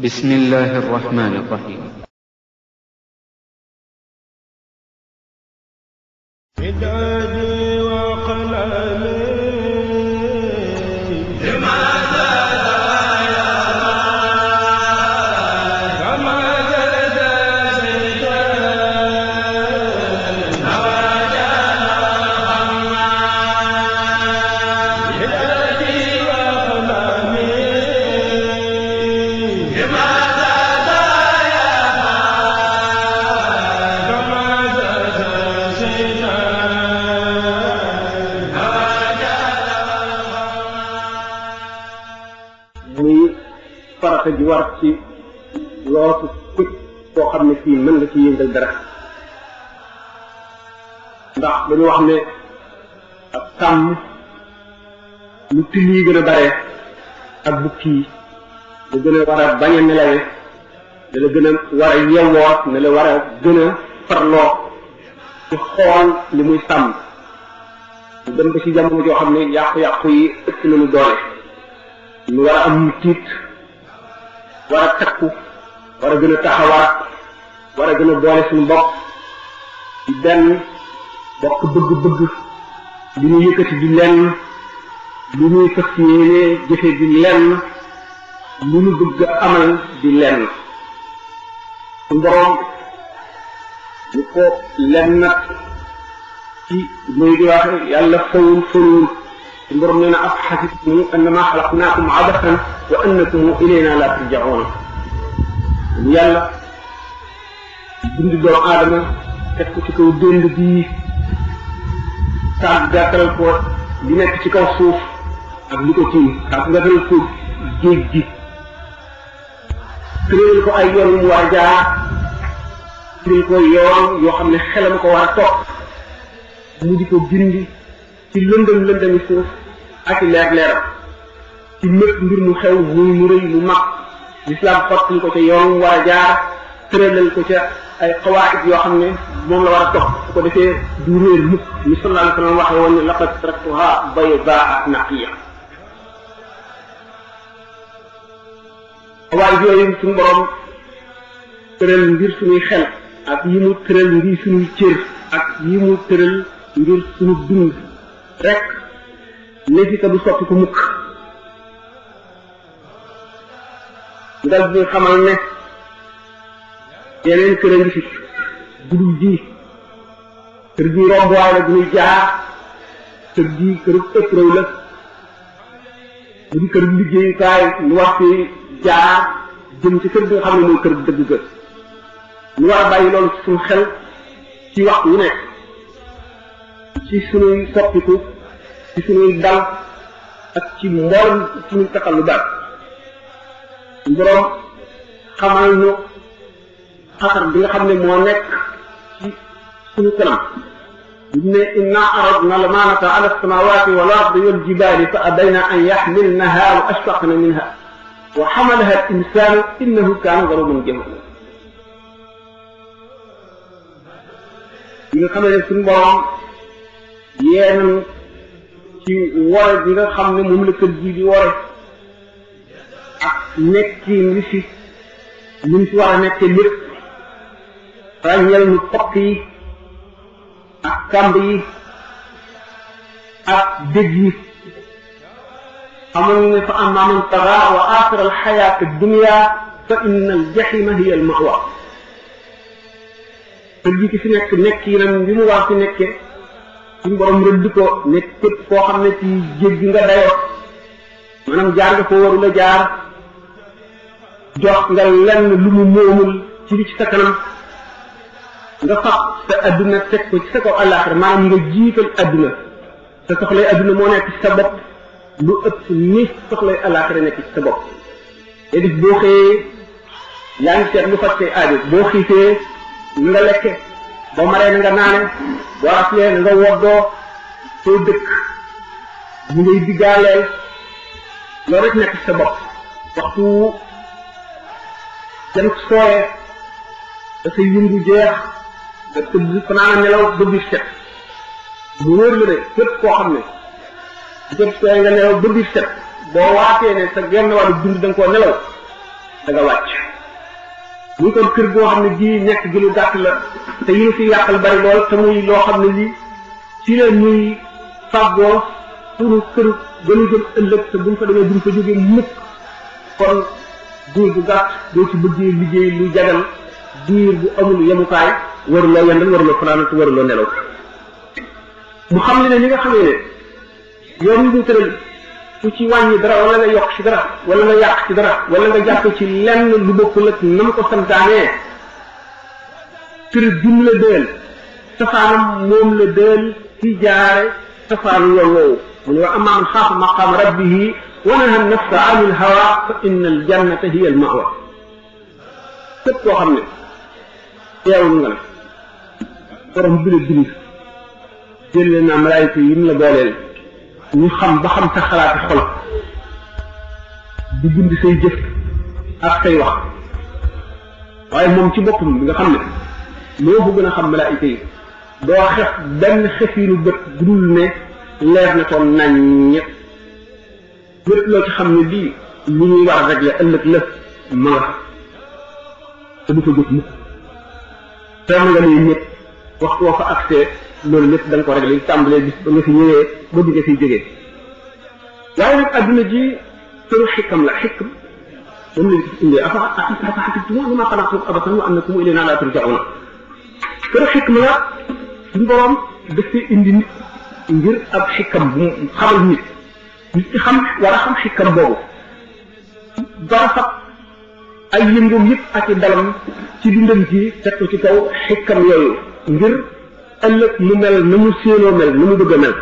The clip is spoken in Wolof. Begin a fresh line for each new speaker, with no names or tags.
بسم الله الرحمن الرحيم ادعوا farata ji war ci loosu képp koo xam ne fii mën nga ci yëngal dara ndax dañu wax ne ak sàmm lu till yi gën a bare ak bukki yi da gën a war a bañ a nelawe da la gën a war a yewwoot ne la war a gën a farloo ci xool li muy sàmm ñu dem ba ci jamono joo xam ne yàqu-yàqu yi ëpp nañu doole ñu war a am tiit war a takku war a gën a taxawaat war a gën a boole suñu bopp di benn bokk bëgg-bëgg li ñu yëkkati di lenn li ñuy fas yéene jëfe di lenn li ñu bëgg a amal di lenn suñu boroom ko lenn nag ci muy di yàlla fawul fawul suñu borom nee na af xasibtum annama xalaqnaakum abasan wa annakum ilayna la turjaun yàlla bind doomu aadama teg ko ci kaw dënd bii tàggatal ko li nekk ci kaw suuf ak li ko tiim tàggatal ko géej gi tëral ko ay yoon mu war a jaar tëral ko yoon yoo xam ne xelam ko war a topp mu di ko gindi ci lëndëm lëndëmi suuf ak leer leeram ci mépp mbir mu xew muy mu rëy mu mag l'islam xottil ko ca yoon war a jaar tëralal ko ca ay xawaayit yoo xam ne moom la war a topp su ko defee du réer mukk ni sallallahu alayhi wa sallam waxee woon ne laqad taraktuha baydaa naqiya xawaayit yooyu suñu borom tëral ngir suñuy xel ak yi mu tëral ngir suñuy cër ak yi mu tëral ngir suñu dund rek ne fi ka du soppi ko mukk dal bi xamal ne yeneen kër a ngi fi gudul ji kër gi rombuwaay la duñuy jaar kër gi këru ëppréw la bu di këru liggéeyukaay lu wax fi jaar jëm ci kër gi nga xam ne mooy kër dëgg ga ñu war bàyyi loolu suñu xel ci waxtu wu nekk ci sunuy soppiku ci sunuy dal ak ci mboolem sunu takalu dal borom xamal ñu xatar bi nga xamne mo nek ci sunu kanam ne inna aradna lamanata ala samawati wal ardi wal jibali fa abayna an yahmilnaha wa ashfaqna minha wa hamalaha al alinsanu innahu kaana zaluman jahula bi nga xam ne suñu borom yeen ci wore bi nga xam ne moom la kër gi di wore ak nekkin li fi li fi war a nekkee lépp ràññeel nu pokk yi ak kàmb yi ak dëj yi xamal ne fa amma man taga wa aaxira alxayaat dunia fa inna aljaxima hiya almawa kër gi ki fi nekk nekkinam bi mu war fi nekkee suñu borom rëdd ko ne képp koo xam ne ci jéggi nga dayoo maanaam jaar nga ko waru la jaar jox nga lenn lu mu moomul ci li ci sa kanam nga fab sa adduna teg ko ci sa kaw àllaaxira maanaam nga jiital adduna sa soxlay adduna moo nekk ci lu ëpp ni soxlay àllaaxira nekk ci sa bopp boo xëyee yaa ngi seet lu faj say aajo boo xiifee nga lekke boo maree nga naane boo afiyee nga woddoo soo dëkk ñu ngay diggaaleel loolu rek nekk sa bopp waxtu jant sooyee da sa yëngu jeex da tëdd fanaana nelaw ba biir mu wóor la ne képp koo xam ne jant sooyee nga nelaw ba biir boo waatee ne sa genn wàllu dund da nga nelaw da nga ñu kon kër goo xam ne gii nekk gi lu gàtt la te yi ñu fi yàqal bari lool te muy loo xam ne lii ci la ñuy fàggoo pour kër gënu jëm ëllëg te buñ fa demee buñ fa jógee mukk kon diir bu gàtt doo ci bëggee liggéey lu jagal diir bu amul yemukaay waruloo yendal waruloo fanaan waruloo nelaw mu xam ne ne ñi nga xam ne ne yoon ñu tëral ku ci wàññi dara wala nga yokk ci dara wala nga yàq ci dara wala nga jàpp ci lenn lu bokkul ak nam ko santaanee tëri jum la dël safaanam moom la dël ci jaare safaanu yoon woowu mu ne wa amaa man xaafa maqaam rabbihi wa naha nafsa an il hawa fa inna al jannata hiya al mawa képp koo xam ne teewul nga la borom bi la bind jël naa malaayika yi mu la booleel ñu xam ba xam sa xalaati xol di bind say jëf ak say wax waaye moom ci boppam bi nga xam ne loo ko gën a xam malaayika yi doo xef benn xefiinu bët gudul ne leer na toon nañ ñëpp loo ci xam ni lii lu ñuy war a régler ëllëg la ma nga te du ko jot mukk te nga ne wax koo fa accès loolu lépp da nga ko réglé tàmbalee bis ba nga fi ñëwee ba bi nga fiy jógee waaye nag adduna ji këru xikam la xikam moom lañ ko indee afa afa xasibtum annama xalaqnakum abathan wa annakum ilayna la turja'un këru xikam la suñu borom dafay indi nit ngir ab xikam bu xamal nit nit ki xam war a xam xikam boobu dara sax ay yëngoom yëpp ak i dalam ci dundam ji teg ko ci kaw xikam yooyu ngir ëllëg mu mel na mu séenoo mel na mu bëgg a mel